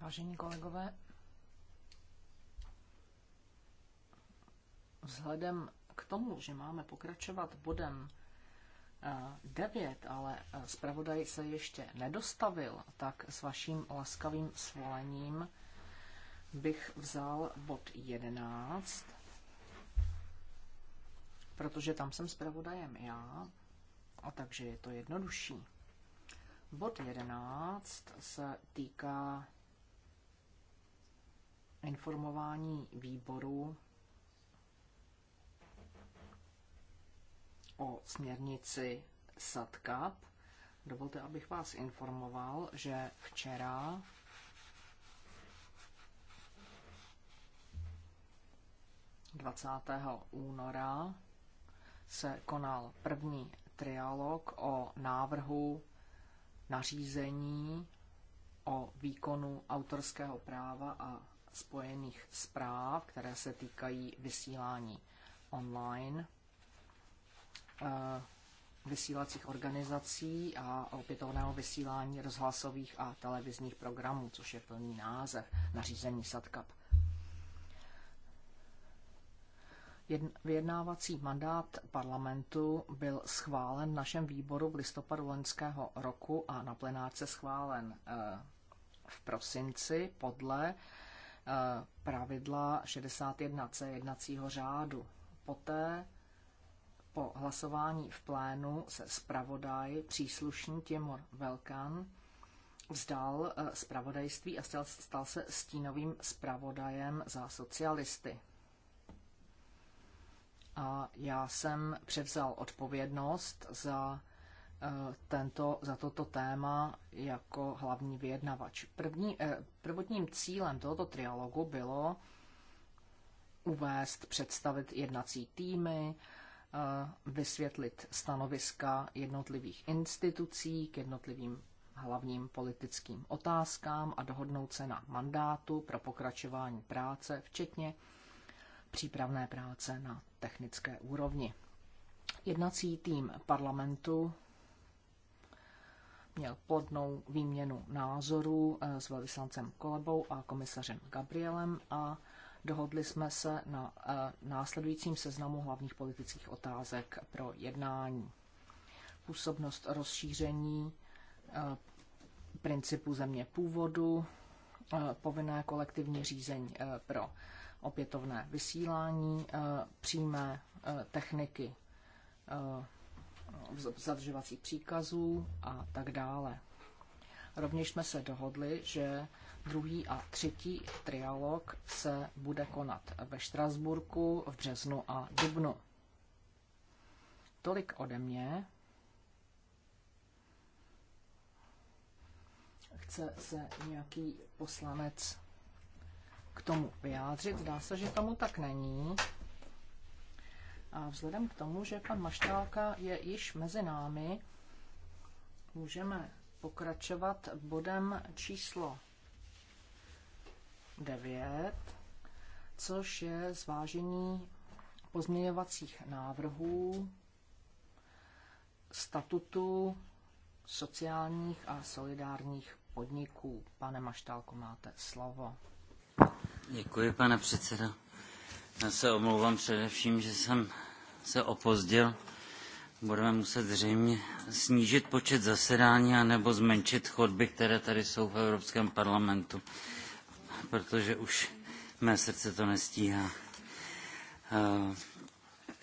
Vážení kolegové, vzhledem k tomu, že máme pokračovat bodem 9, eh, ale eh, zpravodaj se ještě nedostavil, tak s vaším laskavým svolením bych vzal bod 11, protože tam jsem zpravodajem já a takže je to jednodušší. Bod 11 se týká informování výboru o směrnici SATCAP. Dovolte, abych vás informoval, že včera Dvacátého února se konal první trialog o návrhu nařízení o výkonu autorského práva a spojených zpráv, které se týkají vysílání online eh, vysílacích organizací a opětovného vysílání rozhlasových a televizních programů, což je plný název nařízení SATCAP. Vyjednávací mandát parlamentu byl schválen v našem výboru v listopadu loňského roku a na plenárce schválen eh, v prosinci podle eh, pravidla 61c jednacího řádu. Poté po hlasování v plénu se zpravodaj příslušný Timor Velkan vzdal eh, zpravodajství a stal se stínovým zpravodajem za socialisty a já jsem převzal odpovědnost za, eh, tento, za toto téma jako hlavní vyjednavač. První, eh, prvotním cílem tohoto trialogu bylo uvést, představit jednací týmy, eh, vysvětlit stanoviska jednotlivých institucí k jednotlivým hlavním politickým otázkám a dohodnout se na mandátu pro pokračování práce, včetně přípravné práce na technické úrovni. Jednací tým parlamentu měl plodnou výměnu názorů eh, s velvyslancem Kolebou a komisařem Gabrielem a dohodli jsme se na eh, následujícím seznamu hlavních politických otázek pro jednání. Působnost rozšíření eh, principu země původu, Eh, povinné kolektivní řízení eh, pro opětovné vysílání, eh, přímé techniky zadržovacích příkazů a tak dále. Rovněž jsme se dohodli, že druhý a třetí trialog se bude konat ve Štrasburku v březnu a dubnu. Tolik ode mě. Chce se nějaký poslanec k tomu vyjádřit? Zdá se, že tomu tak není. A vzhledem k tomu, že pan Maštálka je již mezi námi, můžeme pokračovat bodem číslo 9, což je zvážení pozměňovacích návrhů statutu sociálních a solidárních podniků. Pane Maštálko, máte slovo. Děkuji, pane předsedo. Já se omlouvám především, že jsem se opozdil. Budeme muset zřejmě snížit počet zasedání nebo zmenšit chodby, které tady jsou v Evropském parlamentu, protože už mé srdce to nestíhá. Eh,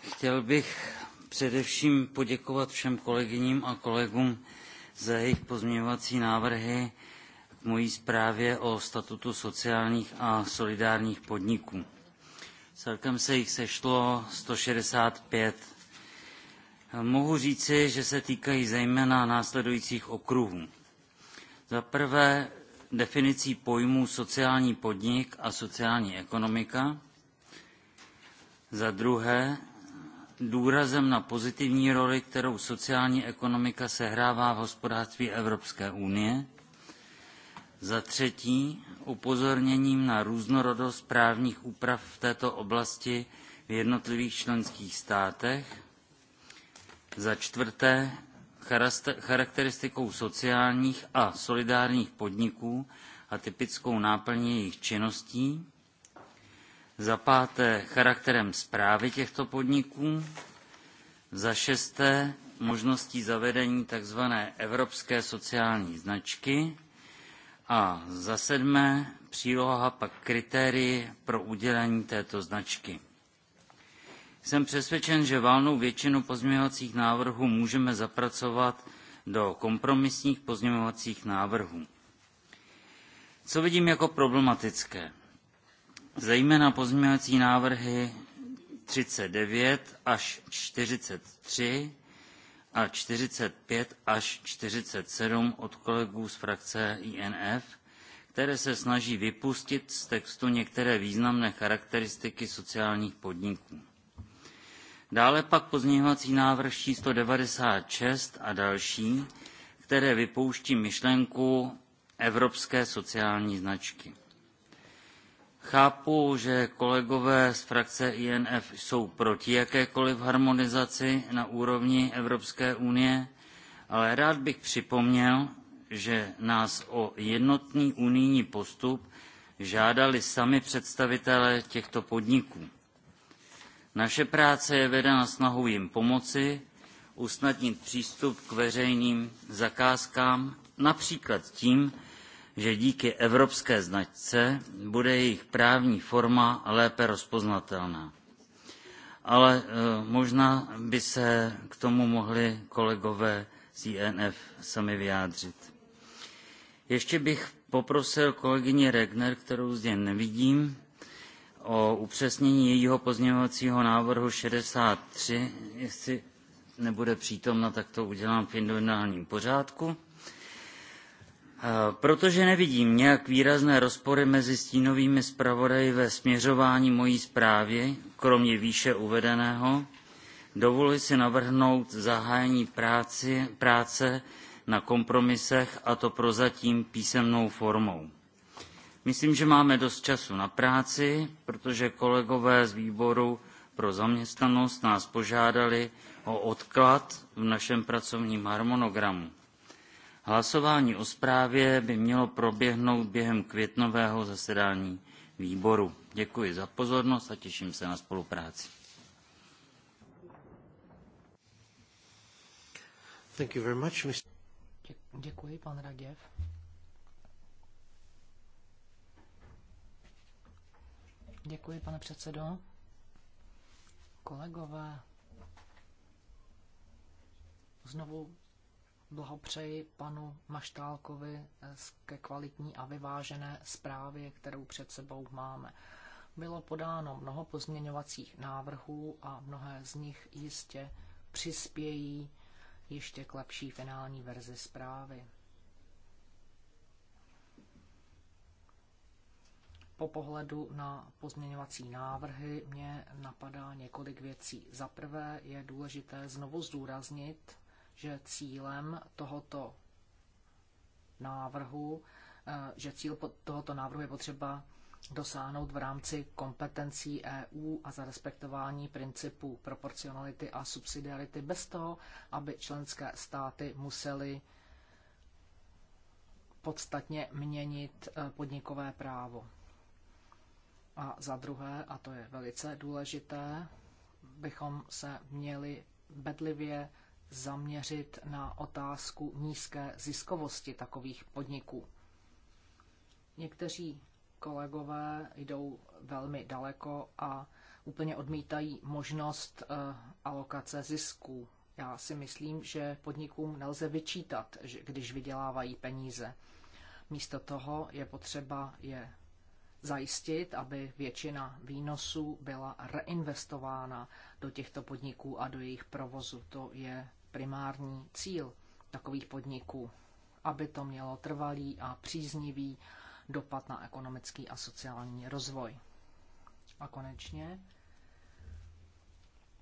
chtěl bych především poděkovat všem kolegyním a kolegům za jejich pozměňovací návrhy k mojí zprávě o statutu sociálních a solidárních podniků. Celkem se jich sešlo 165. Mohu říci, že se týkají zejména následujících okruhů. Za prvé definicí pojmů sociální podnik a sociální ekonomika. Za druhé důrazem na pozitivní roli, kterou sociální ekonomika sehrává v hospodářství Evropské unie. Za třetí upozorněním na různorodost právních úprav v této oblasti v jednotlivých členských státech. Za čtvrté charakteristikou sociálních a solidárních podniků a typickou náplní jejich činností, za páté charakterem zprávy těchto podniků, za šesté možností zavedení tzv. evropské sociální značky a za sedmé, příloha pak kritérii pro udělení této značky. Jsem přesvědčen, že válnou většinu pozměňovacích návrhů můžeme zapracovat do kompromisních pozměňovacích návrhů. Co vidím jako problematické? Zejména pozměňovací návrhy 39 až 43, a 45 až 47 od kolegů z frakce INF, které se snaží vypustit z textu některé významné charakteristiky sociálních podniků. Dále pak pozměňovací návrh číslo 96 a další, které vypouští myšlenku evropské sociální značky. Chápu, že kolegové z frakce INF jsou proti jakékoliv harmonizaci na úrovni Evropské unie, ale rád bych připomněl, že nás o jednotný unijní postup žádali sami představitelé těchto podniků. Naše práce je vedena snahou jim pomoci, usnadnit přístup k veřejným zakázkám, například tím, že díky evropské značce bude jejich právní forma lépe rozpoznatelná. Ale eh, možná by se k tomu mohli kolegové z INF sami vyjádřit. Ještě bych poprosil kolegyni Regner, kterou zde nevidím, o upřesnění jejího pozměňovacího návrhu 63. Jestli nebude přítomna, tak to udělám v individuálním pořádku. Protože nevidím nějak výrazné rozpory mezi stínovými zpravodaji ve směřování mojí zprávy, kromě výše uvedeného, dovoluji si navrhnout zahájení práci, práce na kompromisech, a to prozatím písemnou formou. Myslím, že máme dost času na práci, protože kolegové z výboru pro zaměstnanost nás požádali o odklad v našem pracovním harmonogramu Hlasování o zprávě by mělo proběhnout během květnového zasedání výboru. Děkuji za pozornost a těším se na spolupráci. Thank you very much, Mr. Děkuji, pan Raděv. Děkuji, pane předsedo. Kolegové, znovu Blahopřeji panu Maštálkovi eh, ke kvalitní a vyvážené zprávě, kterou před sebou máme. Bylo podáno mnoho pozměňovacích návrhů a mnohé z nich jistě přispějí ještě k lepší finální verzi zprávy. Po pohledu na pozměňovací návrhy mě napadá několik věcí. Za prvé je důležité znovu zdůraznit, že cílem tohoto návrhu, eh, že cíl tohoto návrhu je potřeba dosáhnout v rámci kompetencí EU a za respektování principů proporcionality a subsidiarity bez toho, aby členské státy musely podstatně měnit eh, podnikové právo. A za druhé, a to je velice důležité, bychom se měli bedlivě zaměřit na otázku nízké ziskovosti takových podniků. Někteří kolegové jdou velmi daleko a úplně odmítají možnost eh, alokace zisků. Já si myslím, že podnikům nelze vyčítat, když vydělávají peníze. Místo toho je potřeba je zajistit, aby většina výnosů byla reinvestována do těchto podniků a do jejich provozu. To je primární cíl takových podniků, aby to mělo trvalý a příznivý dopad na ekonomický a sociální rozvoj. A konečně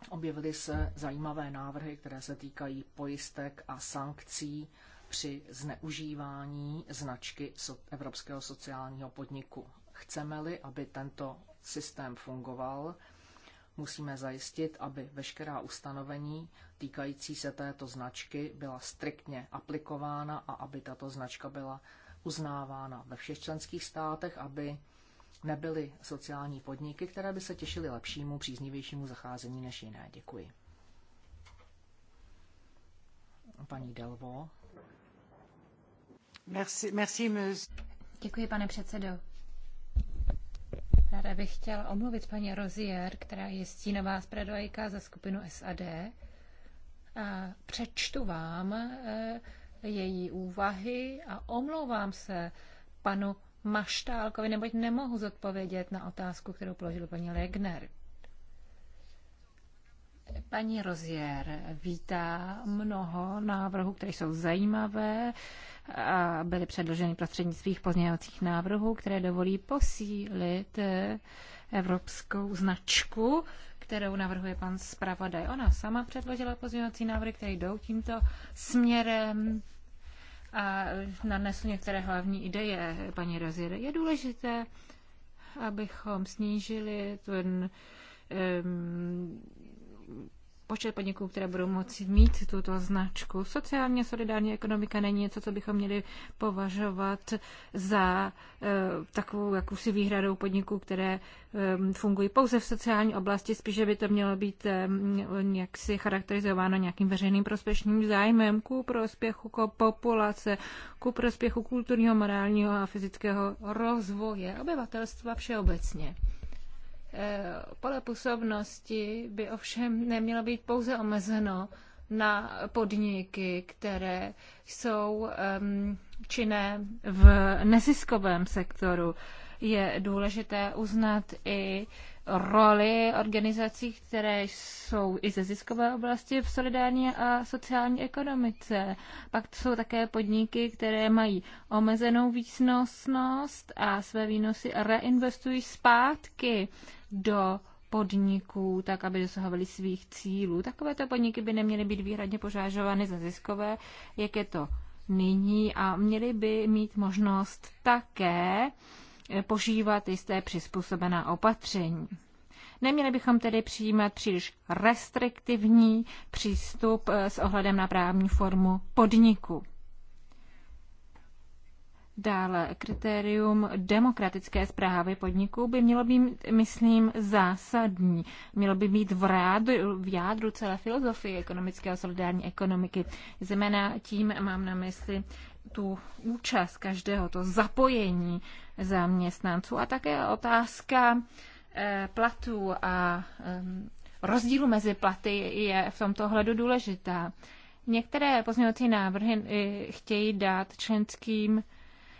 objevily se zajímavé návrhy, které se týkají pojistek a sankcí při zneužívání značky Evropského sociálního podniku. Chceme-li, aby tento systém fungoval, Musíme zajistit, aby veškerá ustanovení týkající se této značky byla striktně aplikována a aby tato značka byla uznávána ve všech členských státech, aby nebyly sociální podniky, které by se těšily lepšímu, příznivějšímu zacházení než jiné. Děkuji. Paní Delvo. Merci, merci, Děkuji, pane předsedo. Ráda bych chtěla omluvit paní Rozier, která je stínová zpravodajka za skupinu SAD. A přečtu vám e, její úvahy a omlouvám se panu Maštálkovi, neboť nemohu zodpovědět na otázku, kterou položil paní Legner. Paní Rozier vítá mnoho návrhů, které jsou zajímavé a byly předloženy prostřednictvím pozměňovacích návrhů, které dovolí posílit eh, evropskou značku, kterou navrhuje pan zpravodaj. Ona sama předložila pozměňovací návrhy, které jdou tímto směrem a nanesu některé hlavní ideje paní Rozier. Je důležité, abychom snížili ten počet podniků, které budou moci mít tuto značku. Sociálně solidární ekonomika není něco, co bychom měli považovat za e, takovou jakousi výhradou podniků, které e, fungují pouze v sociální oblasti, spíše by to mělo být e, jaksi charakterizováno nějakým veřejným prospěšným zájmem ku prospěchu ko populace, ku prospěchu kulturního, morálního a fyzického rozvoje obyvatelstva všeobecně. Eh, pole působnosti by ovšem nemělo být pouze omezeno na podniky, které jsou um, činné v neziskovém sektoru je důležité uznat i roli organizací, které jsou i ze ziskové oblasti v solidární a sociální ekonomice. Pak to jsou také podniky, které mají omezenou výnosnost a své výnosy reinvestují zpátky do podniků, tak aby dosahovali svých cílů. Takovéto podniky by neměly být výhradně požážovány za ziskové, jak je to nyní, a měly by mít možnost také požívat jisté přizpůsobená opatření. Neměli bychom tedy přijímat příliš restriktivní přístup eh, s ohledem na právní formu podniku. Dále kritérium demokratické zprávy podniků by mělo být, myslím, zásadní. Mělo by být v, rádu, v jádru celé filozofie ekonomické a solidární ekonomiky. zeměna tím mám na mysli tu účast každého, to zapojení zaměstnanců a také otázka eh, platů a rozdílu mezi platy je v tomto ohledu důležitá. Některé pozměňovací návrhy eh, chtějí dát členským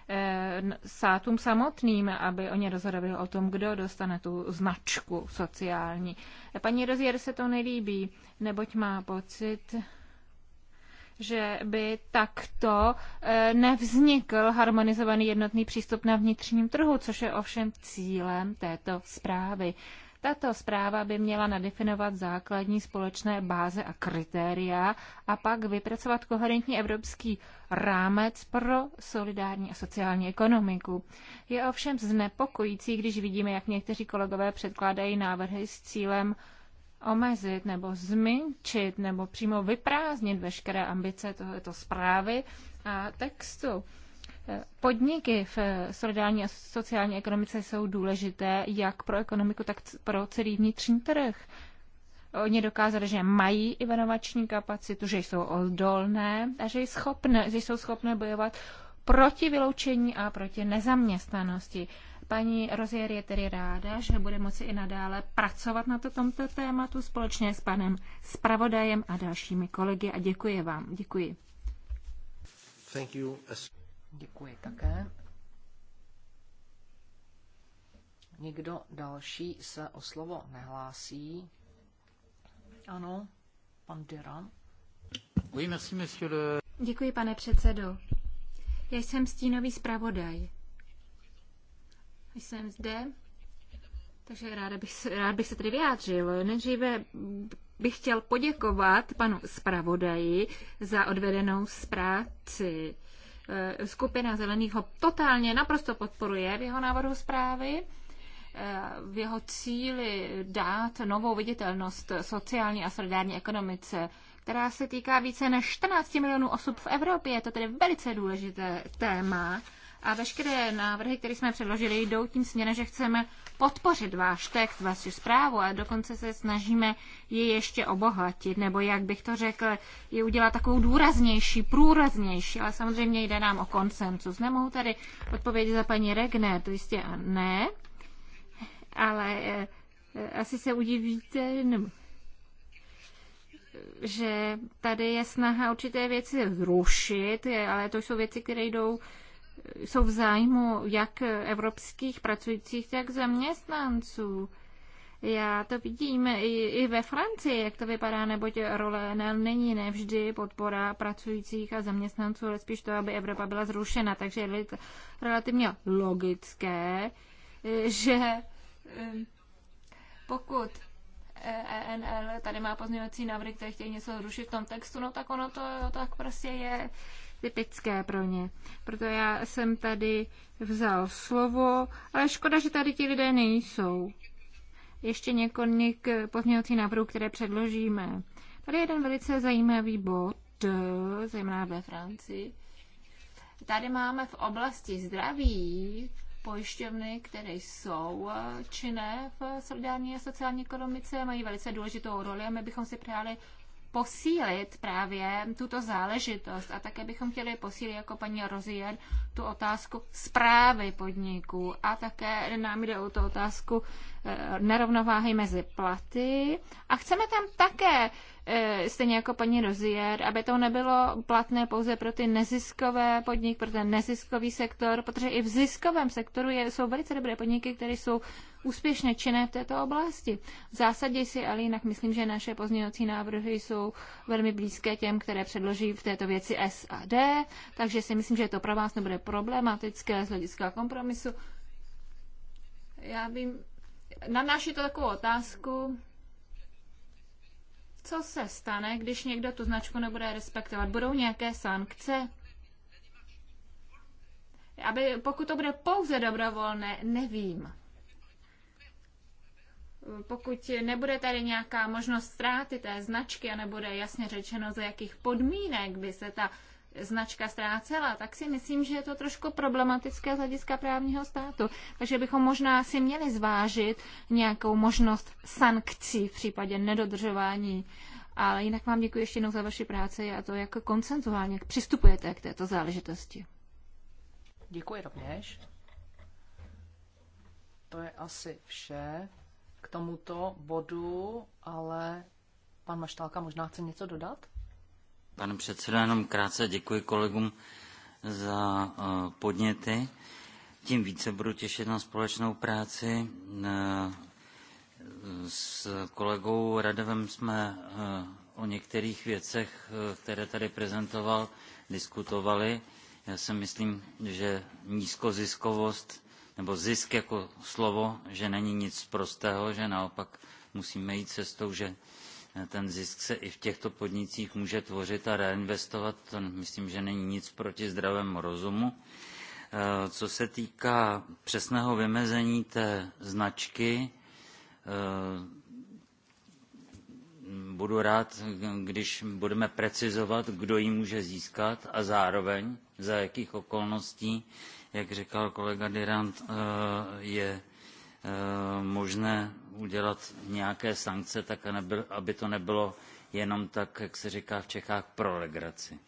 eh, sátům samotným, aby oni rozhodovali o tom, kdo dostane tu značku sociální. Paní Rozier se to nelíbí, neboť má pocit, že by takto eh, nevznikl harmonizovaný jednotný přístup na vnitřním trhu, což je ovšem cílem této zprávy. Tato zpráva by měla nadefinovat základní společné báze a kritéria a pak vypracovat koherentní evropský rámec pro solidární a sociální ekonomiku. Je ovšem znepokojící, když vidíme, jak někteří kolegové předkládají návrhy s cílem omezit nebo zmenšit nebo přímo vyprázdnit veškeré ambice tohoto zprávy a textu. Podniky v solidární a sociální ekonomice jsou důležité jak pro ekonomiku, tak pro celý vnitřní trh. Oni dokázali, že mají inovační kapacitu, že jsou odolné a že, schopné, že jsou schopné bojovat proti vyloučení a proti nezaměstnanosti. Paní Rozier je tedy ráda, že bude moci i nadále pracovat na to, tomto tématu společně s panem Spravodajem a dalšími kolegy a děkuji vám. Děkuji. Thank you. Děkuji také. Nikdo další se o slovo nehlásí. Ano, pan Duran. Oui, merci, le... Děkuji, pane předsedo. Já jsem stínový zpravodaj jsem zde, takže ráda bych, se, rád bych se tedy vyjádřil. Nejdříve bych chtěl poděkovat panu zpravodaji za odvedenou práci. E, skupina Zelených ho totálně naprosto podporuje v jeho návrhu zprávy e, v jeho cíli dát novou viditelnost sociální a solidární ekonomice, která se týká více než 14 milionů osob v Evropě. Je to tedy velice důležité téma a veškeré návrhy, které jsme předložili, jdou tím směrem, že chceme podpořit váš text, vaši zprávu a dokonce se snažíme ji ještě obohatit, nebo jak bych to řekl, ji udělat takovou důraznější, průraznější, ale samozřejmě jde nám o konsensus. Nemohu tady odpovědět za paní Regner, to jistě ne, ale eh, eh, asi se udivíte, nebo že tady je snaha určité věci zrušit, ale to jsou věci, které jdou jsou v zájmu jak evropských pracujících, tak zaměstnanců. Já to vidím i, i ve Francii, jak to vypadá, neboť role ne, není nevždy podpora pracujících a zaměstnanců, ale spíš to, aby Evropa byla zrušena. Takže je relativně logické, že eh, pokud ENL tady má pozměňovací návrhy, které chtějí něco zrušit v tom textu, no tak ono to tak prostě je typické pro ně. Proto já jsem tady vzal slovo, ale škoda, že tady ti lidé nejsou. Ještě několik pozměňovací návrhů, které předložíme. Tady je jeden velice zajímavý bod, zejména ve Francii. Tady máme v oblasti zdraví pojišťovny, které jsou eh, činné v solidární a sociální ekonomice, mají velice důležitou roli a my bychom si přáli posílit právě tuto záležitost a také bychom chtěli posílit jako paní Rozier tu otázku zprávy podniků a také nám jde o tu otázku eh, nerovnováhy mezi platy a chceme tam také eh, stejně jako paní Rozier, aby to nebylo platné pouze pro ty neziskové podnik, pro ten neziskový sektor, protože i v ziskovém sektoru je, jsou velice dobré podniky, které jsou úspěšně činné v této oblasti. V zásadě si ale jinak myslím, že naše pozměňovací návrhy jsou velmi blízké těm, které předloží v této věci S a D, takže si myslím, že to pro vás nebude problematické z hlediska kompromisu. Já vím, nanáší to takovou otázku, co se stane, když někdo tu značku nebude respektovat? Budou nějaké sankce? Aby, pokud to bude pouze dobrovolné, nevím pokud nebude tady nějaká možnost ztráty té značky a nebude jasně řečeno, za jakých podmínek by se ta značka ztrácela, tak si myslím, že je to trošku problematické z hlediska právního státu. Takže bychom možná si měli zvážit nějakou možnost sankcí v případě nedodržování. Ale jinak vám děkuji ještě jednou za vaši práci a to, jak koncentuálně přistupujete k této záležitosti. Děkuji rovněž. To je asi vše k tomuto bodu, ale pan Maštálka možná chce něco dodat? Pane předsedo, jenom krátce děkuji kolegům za eh, podněty. Tím více budu těšit na společnou práci. Eh, s kolegou Radovem jsme eh, o některých věcech, které tady prezentoval, diskutovali. Já si myslím, že nízkoziskovost nebo zisk jako slovo, že není nic prostého, že naopak musíme jít cestou, že eh, ten zisk se i v těchto podnicích může tvořit a reinvestovat. To myslím, že není nic proti zdravému rozumu. Eh, co se týká přesného vymezení té značky, eh, budu rád, když budeme precizovat, kdo ji může získat a zároveň za jakých okolností jak říkal kolega Dirant, eh, je eh, možné udělat nějaké sankce, tak aby to nebylo jenom tak, jak se říká v Čechách, pro legraci.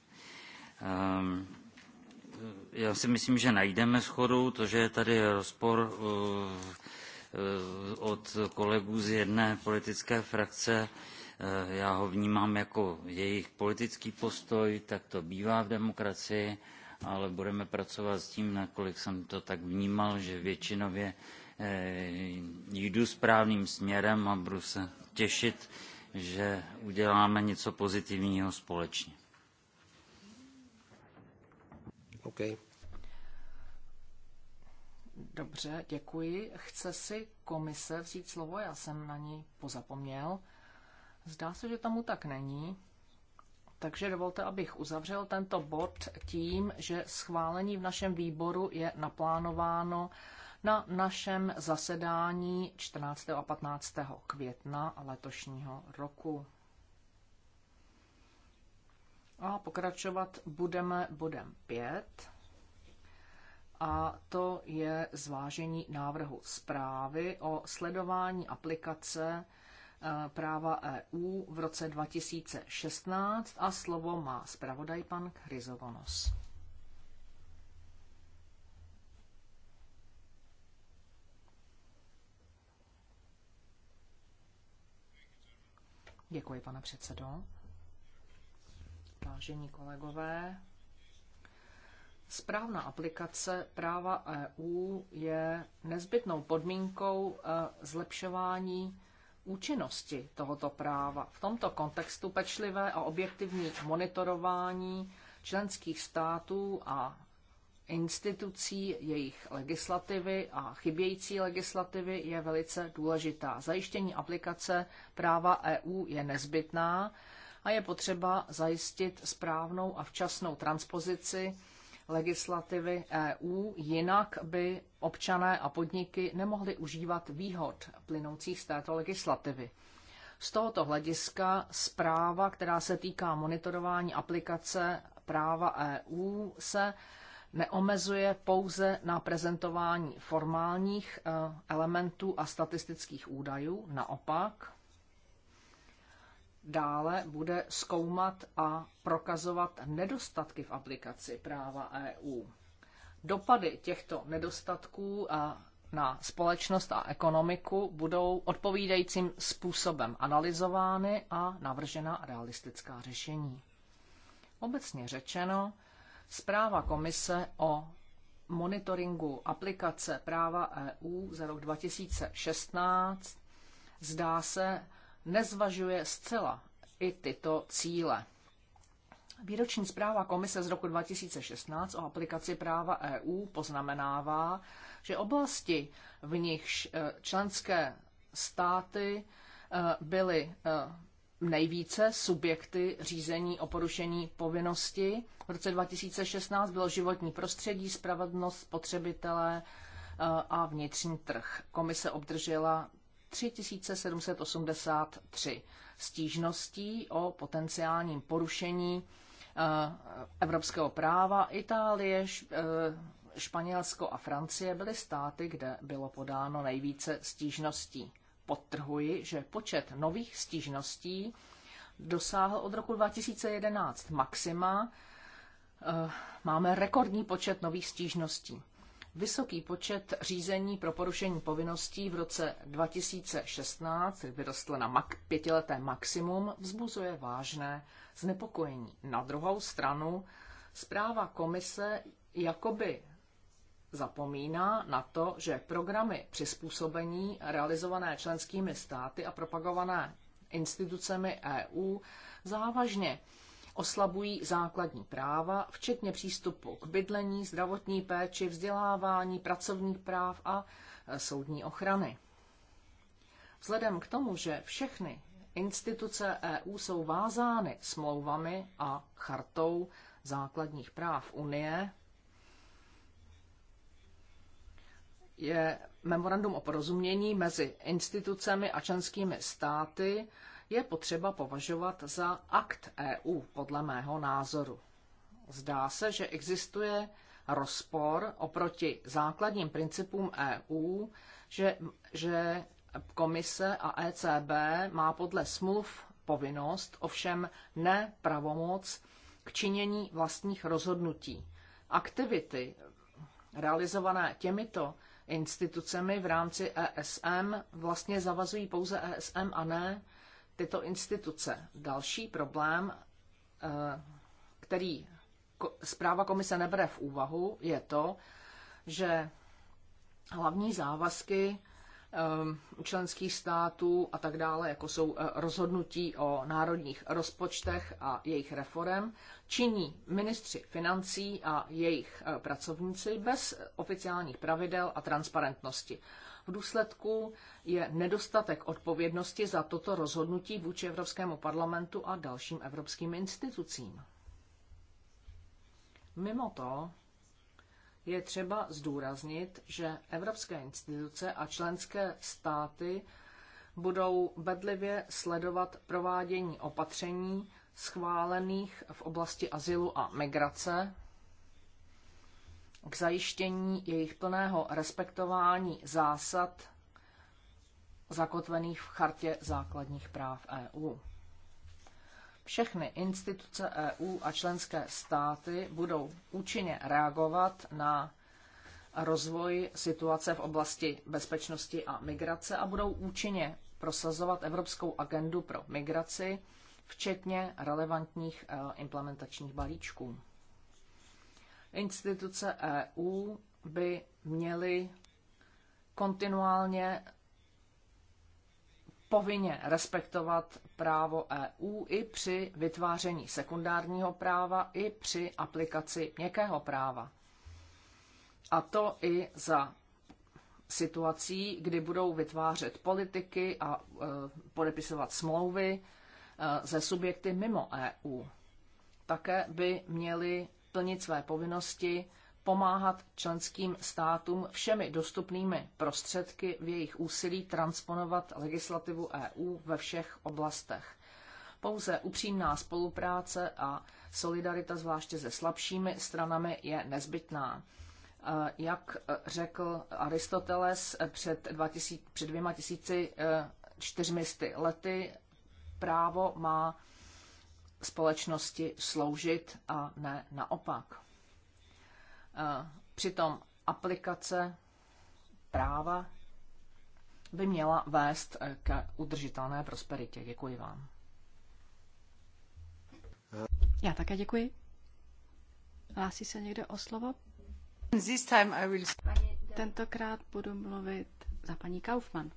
Ehm, já si myslím, že najdeme schodu, to, že je tady rozpor eh, od kolegů z jedné politické frakce, já ho vnímám jako jejich politický postoj, tak to bývá v demokracii ale budeme pracovat s tím, nakolik jsem to tak vnímal, že většinově eh, jdu správným směrem a budu se těšit, že uděláme něco pozitivního společně. Ok. Dobře, děkuji. Chce si komise vzít slovo? Já jsem na ní pozapomněl. Zdá se, že tomu tak není. Takže dovolte, abych uzavřel tento bod tím, že schválení v našem výboru je naplánováno na našem zasedání 14. a 15. května letošního roku. A pokračovat budeme bodem 5. A to je zvážení návrhu zprávy o sledování aplikace práva EU v roce 2016 a slovo má zpravodaj pan Chryzogonos. Děkuji, pane předsedo. Vážení kolegové, Správná aplikace práva EU je nezbytnou podmínkou eh, zlepšování účinnosti tohoto práva. V tomto kontextu pečlivé a objektivní monitorování členských států a institucí, jejich legislativy a chybějící legislativy je velice důležitá. Zajištění aplikace práva EU je nezbytná a je potřeba zajistit správnou a včasnou transpozici legislativy EU, jinak by občané a podniky nemohli užívat výhod plynoucích z této legislativy. Z tohoto hlediska zpráva, která se týká monitorování aplikace práva EU, se neomezuje pouze na prezentování formálních eh, elementů a statistických údajů. Naopak, dále bude zkoumat a prokazovat nedostatky v aplikaci práva EU. Dopady těchto nedostatků a na společnost a ekonomiku budou odpovídajícím způsobem analyzovány a navržena realistická řešení. Obecně řečeno, zpráva komise o monitoringu aplikace práva EU za rok 2016 zdá se nezvažuje zcela i tyto cíle. Výroční zpráva Komise z roku 2016 o aplikaci práva EU poznamenává, že oblasti, v nichž e, členské státy e, byly e, nejvíce subjekty řízení o porušení povinnosti. V roce 2016 bylo životní prostředí, spravedlnost, spotřebitelé a vnitřní trh. Komise obdržela 3783 stížností o potenciálním porušení eh, evropského práva. Itálie, eh, Španělsko a Francie byly státy, kde bylo podáno nejvíce stížností. Podtrhuji, že počet nových stížností dosáhl od roku 2011 maxima. Eh, máme rekordní počet nových stížností. Vysoký počet řízení pro porušení povinností v roce 2016, vyrostl na mak- pětileté maximum, vzbuzuje vážné znepokojení. Na druhou stranu zpráva komise jakoby zapomíná na to, že programy přizpůsobení realizované členskými státy a propagované institucemi EU závažně oslabují základní práva, včetně přístupu k bydlení, zdravotní péči, vzdělávání, pracovních práv a e, soudní ochrany. Vzhledem k tomu, že všechny instituce EU jsou vázány smlouvami a chartou základních práv Unie, je memorandum o porozumění mezi institucemi a členskými státy je potřeba považovat za akt EU, podle mého názoru. Zdá se, že existuje rozpor oproti základním principům EU, že, že komise a ECB má podle smluv povinnost, ovšem ne pravomoc k činění vlastních rozhodnutí. Aktivity realizované těmito institucemi v rámci ESM vlastně zavazují pouze ESM a ne tyto instituce. Další problém, eh, který zpráva komise nebere v úvahu, je to, že hlavní závazky eh, členských států a tak dále, jako jsou eh, rozhodnutí o národních rozpočtech a jejich reform, činí ministři financí a jejich pracovníci bez oficiálních pravidel a transparentnosti. V důsledku je nedostatek odpovědnosti za toto rozhodnutí vůči Evropskému parlamentu a dalším evropským institucím. Mimo to je třeba zdůraznit, že evropské instituce a členské státy budou bedlivě sledovat provádění opatření schválených v oblasti azylu a migrace k zajištění jejich plného respektování zásad zakotvených v Chartě základních práv EU. Všechny instituce EU a členské státy budou účinně reagovat na rozvoj situace v oblasti bezpečnosti a migrace a budou účinně prosazovat evropskou agendu pro migraci, včetně relevantních eh, implementačních balíčků instituce EU by měly kontinuálně povinně respektovat právo EU i při vytváření sekundárního práva, i při aplikaci měkkého práva. A to i za situací, kdy budou vytvářet politiky a e, podepisovat smlouvy e, ze subjekty mimo EU. Také by měly plnit své povinnosti, pomáhat členským státům všemi dostupnými prostředky v jejich úsilí transponovat legislativu EU ve všech oblastech. Pouze upřímná spolupráce a solidarita, zvláště se slabšími stranami, je nezbytná. E, jak řekl Aristoteles před, 2000, před dvěma tisíci e, čtyřmisty lety, právo má společnosti sloužit a ne naopak. E, přitom aplikace práva by měla vést k udržitelné prosperitě. Děkuji vám. Já také děkuji. Hlásí se někdo o slovo? Tentokrát budu mluvit za paní Kaufmann.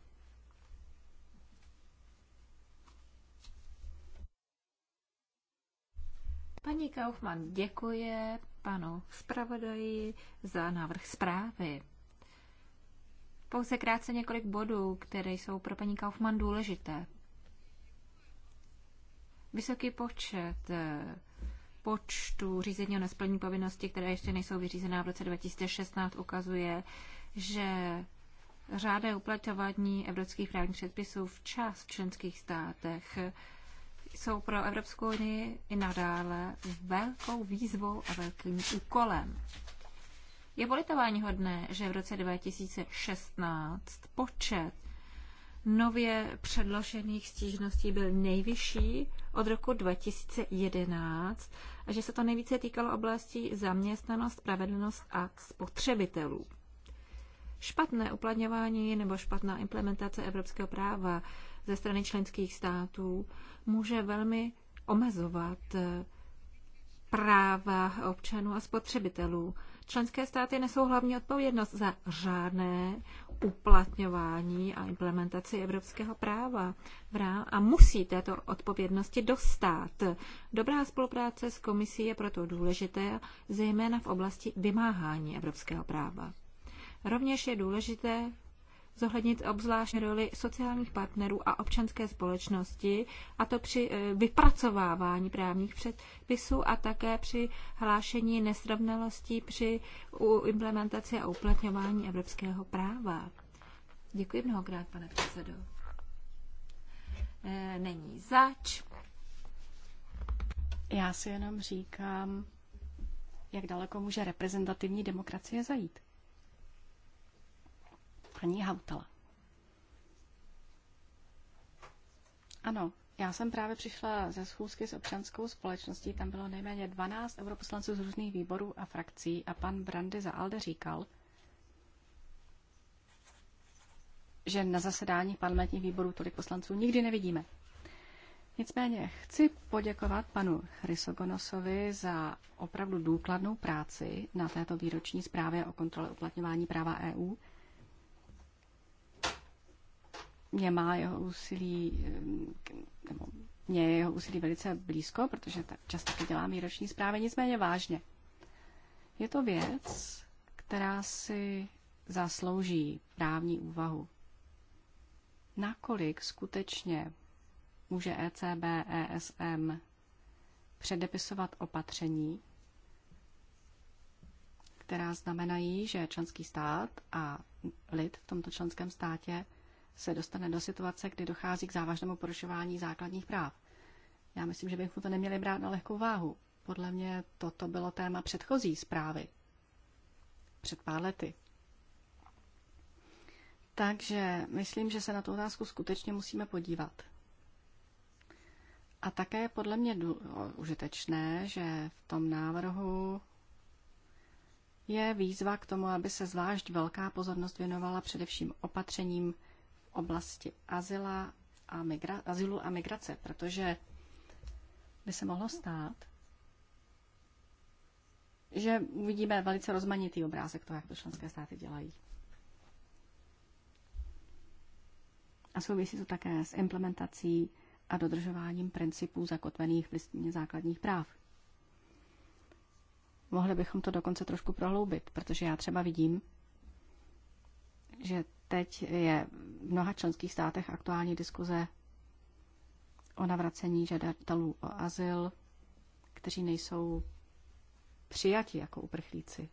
Paní Kaufmann děkuje panu zpravodaji za návrh zprávy. Pouze krátce několik bodů, které jsou pro paní Kaufmann důležité. Vysoký počet eh, počtu řízení o nesplnění povinnosti, které ještě nejsou vyřízená v roce 2016, ukazuje, že řádné uplatňování evropských právních předpisů včas v členských státech jsou pro Evropskou unii i nadále velkou výzvou a velkým úkolem. Je politování hodné, že v roce 2016 počet nově předložených stížností byl nejvyšší od roku 2011 a že se to nejvíce týkalo oblastí zaměstnanost, spravedlnost a spotřebitelů. Špatné uplatňování nebo špatná implementace evropského práva ze strany členských států může velmi omezovat eh, práva občanů a spotřebitelů. Členské státy nesou hlavní odpovědnost za řádné uplatňování a implementaci evropského práva a musí této odpovědnosti dostat. Dobrá spolupráce s komisí je proto důležité, zejména v oblasti vymáhání evropského práva. Rovněž je důležité zohlednit obzvlášť roli sociálních partnerů a občanské společnosti, a to při eh, vypracovávání právních předpisů a také při hlášení nesrovnalostí při implementaci a uplatňování evropského práva. Děkuji mnohokrát, pane předsedo. Eh, není zač. Já si jenom říkám, jak daleko může reprezentativní demokracie zajít. Paní Hautala. Ano, já jsem právě přišla ze schůzky s občanskou společností, tam bylo nejméně 12 europoslanců z různých výborů a frakcí a pan Brandy za Alde říkal, že na zasedání parlamentních výborů tolik poslanců nikdy nevidíme. Nicméně chci poděkovat panu Chrysogonosovi za opravdu důkladnou práci na této výroční zprávě o kontrole uplatňování práva EU mě má jeho úsilí, eh, nebo mě je jeho úsilí velice blízko, protože tak často taky dělám výroční zprávy, nicméně vážně. Je to věc, která si zaslouží právní úvahu. Nakolik skutečně může ECB, ESM předepisovat opatření, která znamenají, že členský stát a lid v tomto členském státě se dostane do situace, kdy dochází k závažnému porušování základních práv. Já myslím, že bychom to neměli brát na lehkou váhu. Podle mě toto bylo téma předchozí zprávy. Před pár lety. Takže myslím, že se na tu otázku skutečně musíme podívat. A také je podle mě užitečné, že v tom návrhu je výzva k tomu, aby se zvlášť velká pozornost věnovala především opatřením, oblasti azila a migra- azylu a migrace, protože by se mohlo stát, že uvidíme velice rozmanitý obrázek toho, jak to členské státy dělají. A souvisí to také s implementací a dodržováním principů zakotvených v listině základních práv. Mohli bychom to dokonce trošku prohloubit, protože já třeba vidím, že teď je v mnoha členských státech aktuální diskuze o navracení žadatelů o azyl, kteří nejsou přijati jako uprchlíci.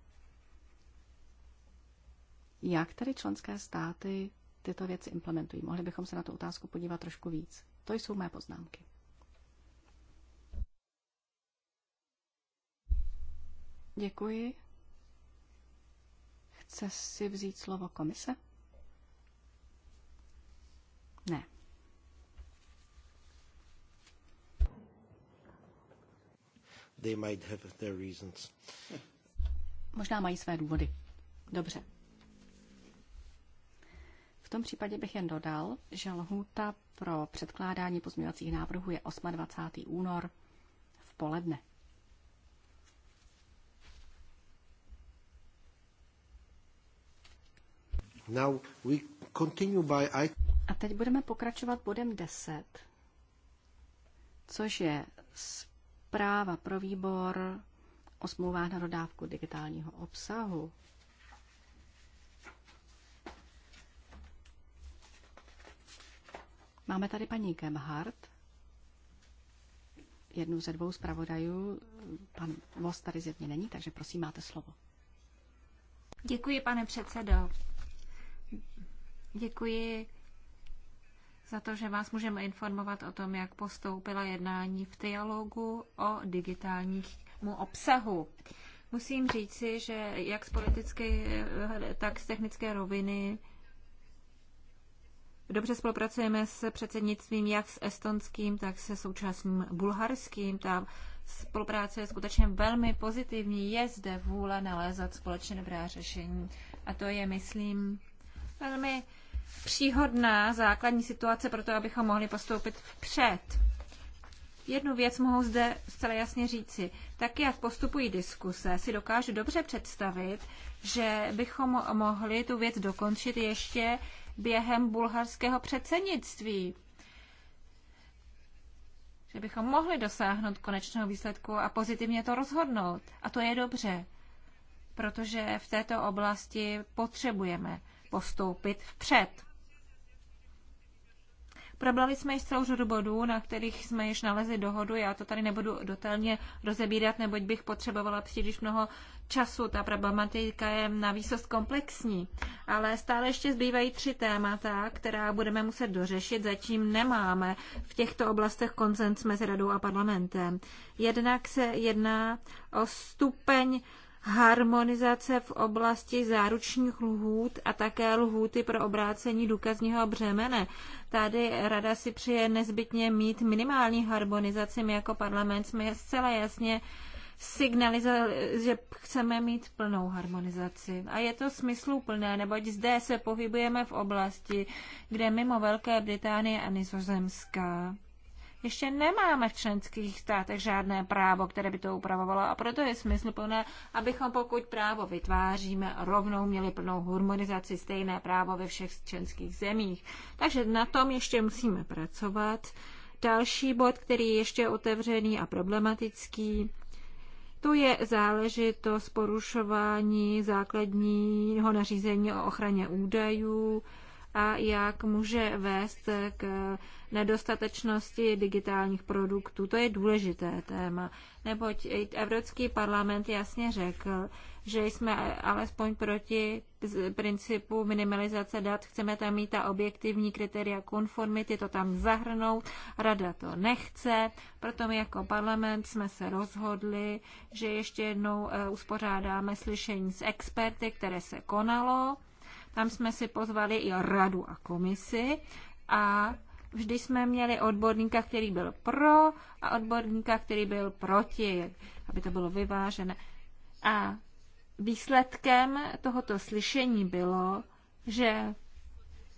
Jak tedy členské státy tyto věci implementují? Mohli bychom se na tu otázku podívat trošku víc. To jsou mé poznámky. Děkuji. Chce si vzít slovo komise? Ne. They might have their reasons. Možná mají své důvody. Dobře. V tom případě bych jen dodal, že lhůta pro předkládání pozměňovacích návrhů je 28. únor v poledne. Now we continue by a teď budeme pokračovat bodem 10, což je zpráva pro výbor o smlouvách na dodávku digitálního obsahu. Máme tady paní Gemhardt, jednu ze dvou zpravodajů. Pan Vos tady zjevně není, takže prosím, máte slovo. Děkuji, pane předsedo. Děkuji za to, že vás můžeme informovat o tom, jak postoupila jednání v dialogu o digitálnímu obsahu. Musím říci, že jak z politické, tak z technické roviny dobře spolupracujeme s předsednictvím jak s estonským, tak se současným bulharským. Ta spolupráce je skutečně velmi pozitivní. Je zde vůle nalézat společně dobrá řešení. A to je, myslím, velmi příhodná základní situace pro to, abychom mohli postoupit vpřed. Jednu věc mohu zde zcela jasně říci. Tak, jak postupují diskuse, si dokážu dobře představit, že bychom mohli tu věc dokončit ještě během bulharského předsednictví. Že bychom mohli dosáhnout konečného výsledku a pozitivně to rozhodnout. A to je dobře, protože v této oblasti potřebujeme postoupit vpřed. Probrali jsme již celou řadu bodů, na kterých jsme již nalezli dohodu. Já to tady nebudu detailně rozebírat, neboť bych potřebovala příliš mnoho času. Ta problematika je na výsost komplexní. Ale stále ještě zbývají tři témata, která budeme muset dořešit. Zatím nemáme v těchto oblastech konsens mezi radou a parlamentem. Jednak se jedná o stupeň harmonizace v oblasti záručních lhůt a také lhůty pro obrácení důkazního břemene. Tady rada si přeje nezbytně mít minimální harmonizaci. My jako parlament jsme zcela jasně signalizovali, že chceme mít plnou harmonizaci. A je to smysluplné, neboť zde se pohybujeme v oblasti, kde mimo Velké Británie a Nizozemská ještě nemáme v členských státech žádné právo, které by to upravovalo a proto je smysluplné, abychom pokud právo vytváříme, rovnou měli plnou harmonizaci stejné právo ve všech členských zemích. Takže na tom ještě musíme pracovat. Další bod, který je ještě otevřený a problematický, to je záležitost porušování základního nařízení o ochraně údajů a jak může vést k nedostatečnosti digitálních produktů. To je důležité téma, neboť Evropský parlament jasně řekl, že jsme alespoň proti principu minimalizace dat, chceme tam mít ta objektivní kritéria konformity, to tam zahrnout, rada to nechce, proto my jako parlament jsme se rozhodli, že ještě jednou e, uspořádáme slyšení s experty, které se konalo tam jsme si pozvali i radu a komisi a vždy jsme měli odborníka, který byl pro a odborníka, který byl proti, aby to bylo vyvážené. A výsledkem tohoto slyšení bylo, že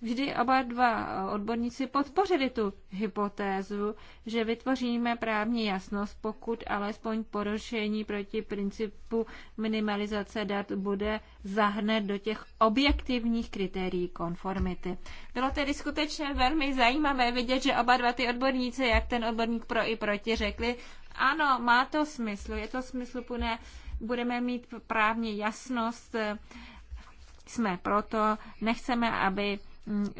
Vždy oba dva odborníci podpořili tu hypotézu, že vytvoříme právní jasnost, pokud alespoň porušení proti principu minimalizace dat bude zahrnout do těch objektivních kritérií konformity. Bylo tedy skutečně velmi zajímavé vidět, že oba dva ty odborníci, jak ten odborník pro i proti, řekli, ano, má to smysl, je to smysluplné, budeme mít právně jasnost, jsme proto, nechceme, aby Mm,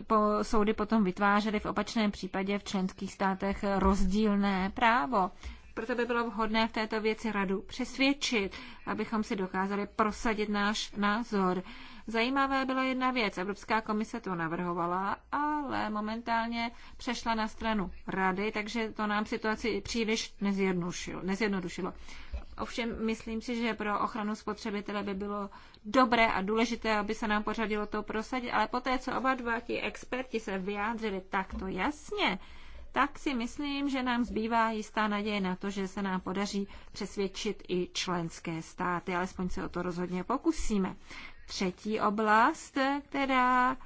soudy potom vytvářely v opačném případě v členských státech rozdílné právo. Proto by bylo vhodné v této věci radu přesvědčit, abychom si dokázali prosadit náš názor. Zajímavé byla jedna věc. Evropská komise to navrhovala, ale momentálně přešla na stranu rady, takže to nám situaci příliš nezjednodušilo. Ovšem myslím si, že pro ochranu spotřebitele by bylo dobré a důležité, aby se nám pořadilo to prosadit, ale poté, co oba dva ti experti se vyjádřili takto jasně, tak si myslím, že nám zbývá jistá naděje na to, že se nám podaří přesvědčit i členské státy, alespoň se o to rozhodně pokusíme. Třetí oblast, která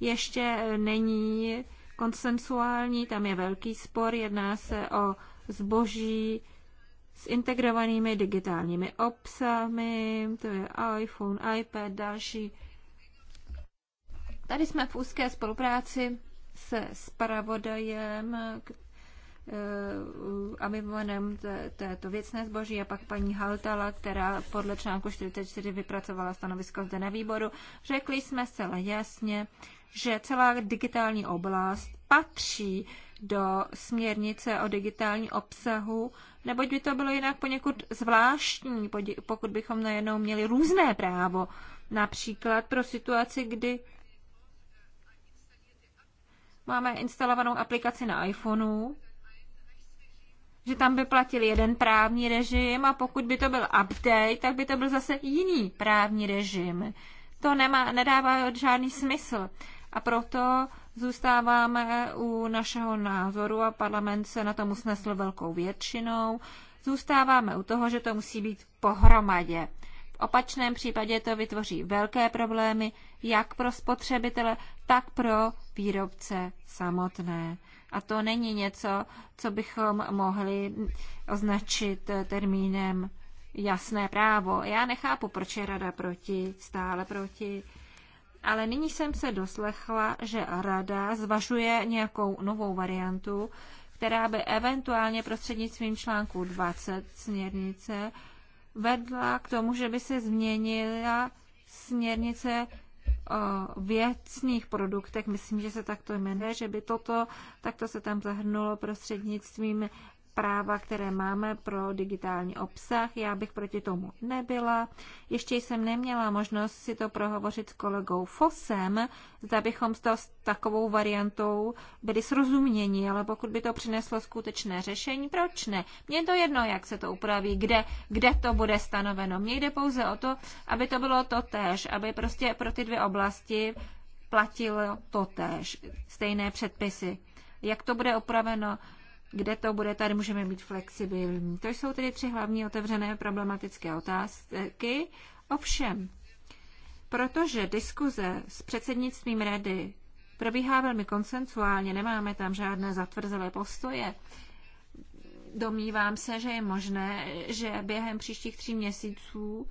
ještě není konsensuální, tam je velký spor, jedná se o zboží, s integrovanými digitálními obsahmi, to je iPhone, iPad, další. Tady jsme v úzké spolupráci se spravodajem eh, a mimo této věcné zboží a pak paní Haltala, která podle článku 44 vypracovala stanovisko zde na výboru, řekli jsme zcela jasně, že celá digitální oblast patří do směrnice o digitální obsahu, neboť by to bylo jinak poněkud zvláštní, pokud bychom najednou měli různé právo, například pro situaci, kdy máme instalovanou aplikaci na iPhoneu, že tam by platil jeden právní režim a pokud by to byl update, tak by to byl zase jiný právní režim. To nemá, nedává žádný smysl. A proto Zůstáváme u našeho názoru a parlament se na tom usnesl velkou většinou. Zůstáváme u toho, že to musí být pohromadě. V opačném případě to vytvoří velké problémy jak pro spotřebitele, tak pro výrobce samotné. A to není něco, co bychom mohli označit termínem jasné právo. Já nechápu, proč je rada proti, stále proti ale nyní jsem se doslechla, že rada zvažuje nějakou novou variantu, která by eventuálně prostřednictvím článku 20 směrnice vedla k tomu, že by se změnila směrnice o věcných produktech, myslím, že se takto jmenuje, že by toto, takto se tam zahrnulo prostřednictvím práva, které máme pro digitální obsah. Já bych proti tomu nebyla. Ještě jsem neměla možnost si to prohovořit s kolegou Fosem, zda bychom s, to, s takovou variantou byli srozuměni, ale pokud by to přineslo skutečné řešení, proč ne? Mně to jedno, jak se to upraví, kde, kde to bude stanoveno. Mně jde pouze o to, aby to bylo to též, aby prostě pro ty dvě oblasti platilo to též, stejné předpisy. Jak to bude opraveno, kde to bude, tady můžeme být flexibilní. To jsou tedy tři hlavní otevřené problematické otázky. Ovšem, protože diskuze s předsednictvím rady probíhá velmi konsensuálně, nemáme tam žádné zatvrzelé postoje, domnívám se, že je možné, že během příštích tří měsíců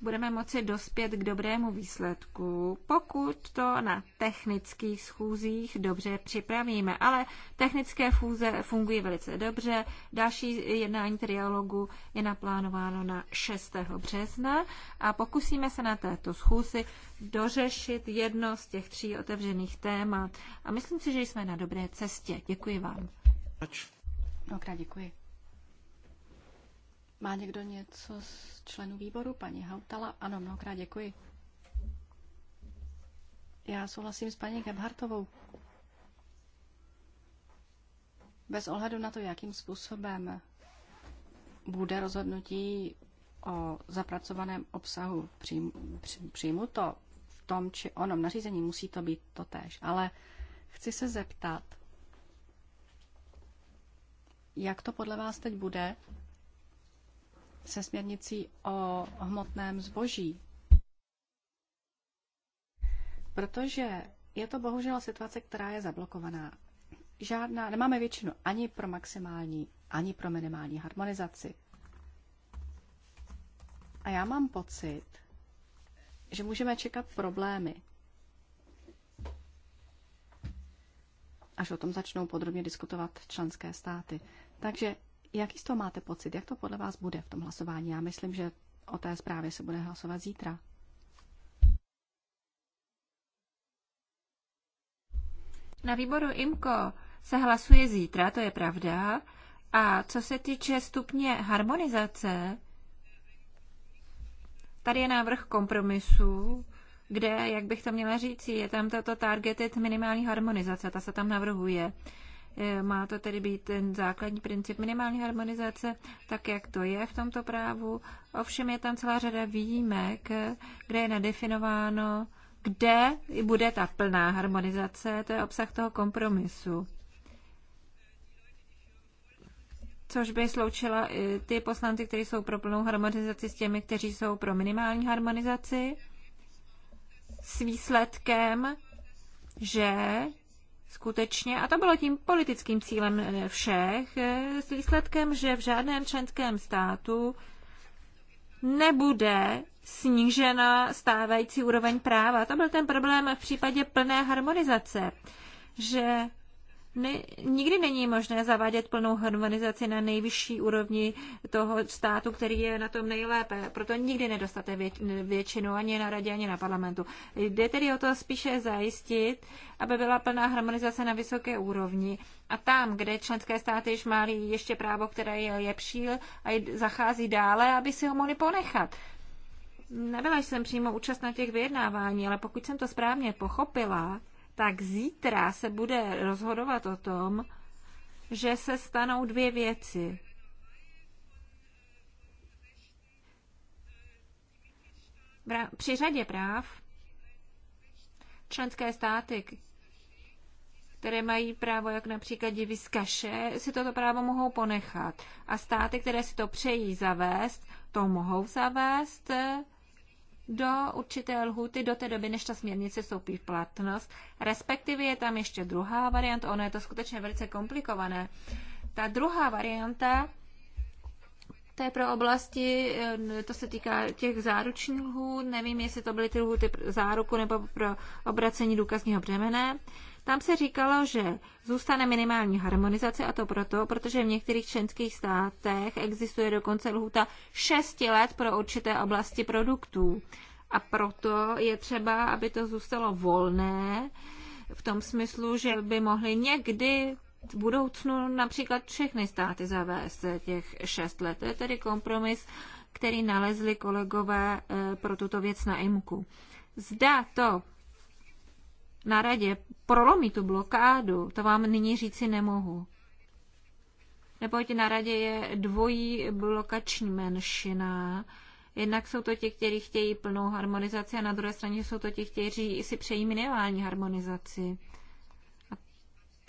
budeme moci dospět k dobrému výsledku, pokud to na technických schůzích dobře připravíme. Ale technické fůze fungují velice dobře. Další jednání trialogu je naplánováno na 6. března a pokusíme se na této schůzi dořešit jedno z těch tří otevřených témat. A myslím si, že jsme na dobré cestě. Děkuji vám. Mnohokrát děkuji. Má někdo něco z členů výboru? Paní Hautala? Ano, mnohokrát děkuji. Já souhlasím s paní Gebhartovou. Bez ohledu na to, jakým způsobem bude rozhodnutí o zapracovaném obsahu přijmu to v tom či onom nařízení, musí to být to Ale chci se zeptat, jak to podle vás teď bude, se směrnicí o hmotném zboží. Protože je to bohužel situace, která je zablokovaná. Žádná, nemáme většinu ani pro maximální, ani pro minimální harmonizaci. A já mám pocit, že můžeme čekat problémy, až o tom začnou podrobně diskutovat členské státy. Takže Jaký z toho máte pocit? Jak to podle vás bude v tom hlasování? Já myslím, že o té zprávě se bude hlasovat zítra. Na výboru IMKO se hlasuje zítra, to je pravda. A co se týče stupně harmonizace, tady je návrh kompromisu, kde, jak bych to měla říct, je tam tato targeted minimální harmonizace, ta se tam navrhuje. E, má to tedy být ten základní princip minimální harmonizace, tak jak to je v tomto právu. Ovšem je tam celá řada výjimek, kde je nadefinováno, kde bude ta plná harmonizace, to je obsah toho kompromisu. což by sloučila i ty poslanci, kteří jsou pro plnou harmonizaci s těmi, kteří jsou pro minimální harmonizaci, s výsledkem, že skutečně, a to bylo tím politickým cílem eh, všech, eh, s výsledkem, že v žádném členském státu nebude snížena stávající úroveň práva. To byl ten problém v případě plné harmonizace, že ne, nikdy není možné zavádět plnou harmonizaci na nejvyšší úrovni toho státu, který je na tom nejlépe. Proto nikdy nedostate vět, většinu ani na radě, ani na parlamentu. Jde tedy o to spíše zajistit, aby byla plná harmonizace na vysoké úrovni. A tam, kde členské státy již mají ještě právo, které je lepší a zachází dále, aby si ho mohli ponechat. Nebyla jsem přímo účastna těch vyjednávání, ale pokud jsem to správně pochopila, tak zítra se bude rozhodovat o tom, že se stanou dvě věci. Při řadě práv členské státy, které mají právo, jak například diviskaše, si toto právo mohou ponechat. A státy, které si to přejí zavést, to mohou zavést do určité lhuty, do té doby, než ta směrnice vstoupí v platnost. Respektive je tam ještě druhá varianta, ono je to skutečně velice komplikované. Ta druhá varianta, to je pro oblasti, eh, to se týká těch záručních lhů, nevím, jestli to byly ty lhuty záruku nebo pro obracení důkazního břemene. Tam se říkalo, že zůstane minimální harmonizace a to proto, protože v některých členských státech existuje dokonce lhuta 6 let pro určité oblasti produktů. A proto je třeba, aby to zůstalo volné, v tom smyslu, že by mohly někdy v budoucnu například všechny státy zavést těch šest let. To je tedy kompromis, který nalezli kolegové eh, pro tuto věc na IMKU. Zda to na radě prolomí tu blokádu, to vám nyní říci nemohu. Neboť na radě je dvojí blokační menšina. Jednak jsou to ti, kteří chtějí plnou harmonizaci a na druhé straně jsou to ti, kteří si přejí minimální harmonizaci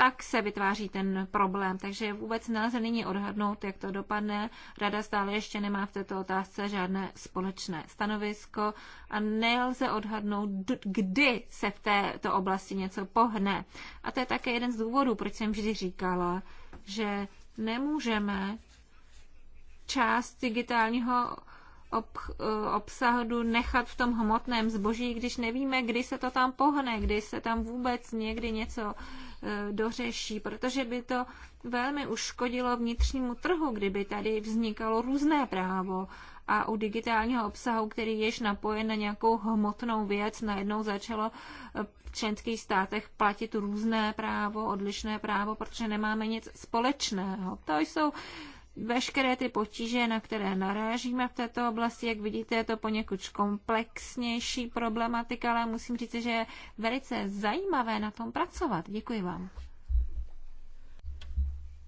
tak se vytváří ten problém. Takže vůbec nelze nyní odhadnout, jak to dopadne. Rada stále ještě nemá v této otázce žádné společné stanovisko a nelze odhadnout, kdy se v této oblasti něco pohne. A to je také jeden z důvodů, proč jsem vždy říkala, že nemůžeme část digitálního ob, obsahu nechat v tom hmotném zboží, když nevíme, kdy se to tam pohne, kdy se tam vůbec někdy něco e, dořeší, protože by to velmi uškodilo vnitřnímu trhu, kdyby tady vznikalo různé právo a u digitálního obsahu, který jež napojen na nějakou hmotnou věc, najednou začalo e, v členských státech platit různé právo, odlišné právo, protože nemáme nic společného. To jsou veškeré ty potíže, na které narážíme v této oblasti, jak vidíte, je to poněkud komplexnější problematika, ale musím říct, že je velice zajímavé na tom pracovat. Děkuji vám.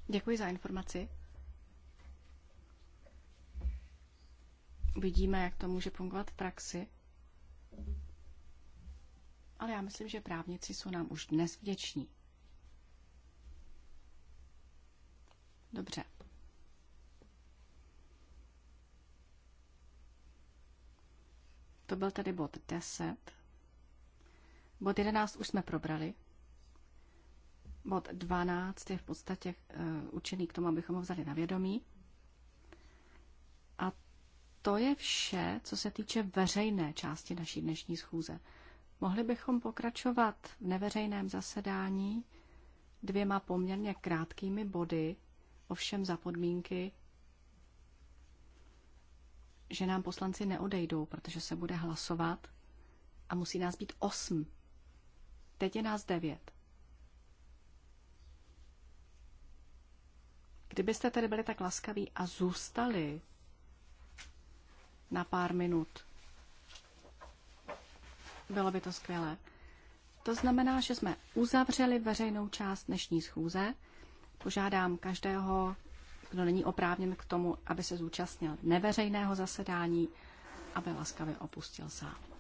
Děkuji za informaci. Vidíme, jak to může fungovat v praxi. Ale já myslím, že právníci jsou nám už dnes vděční. Dobře. To byl tedy bod 10. Bod 11 už jsme probrali. Bod 12 je v podstatě uh, eh, učený k tomu, abychom ho vzali na vědomí. A to je vše, co se týče veřejné části naší dnešní schůze. Mohli bychom pokračovat v neveřejném zasedání dvěma poměrně krátkými body, ovšem za podmínky, že nám poslanci neodejdou, protože se bude hlasovat a musí nás být osm. Teď je nás devět. Kdybyste tedy byli tak laskaví a zůstali na pár minut, bylo by to skvělé. To znamená, že jsme uzavřeli veřejnou část dnešní schůze. Požádám každého kdo není oprávněn k tomu, aby se zúčastnil neveřejného zasedání, aby laskavě opustil sál.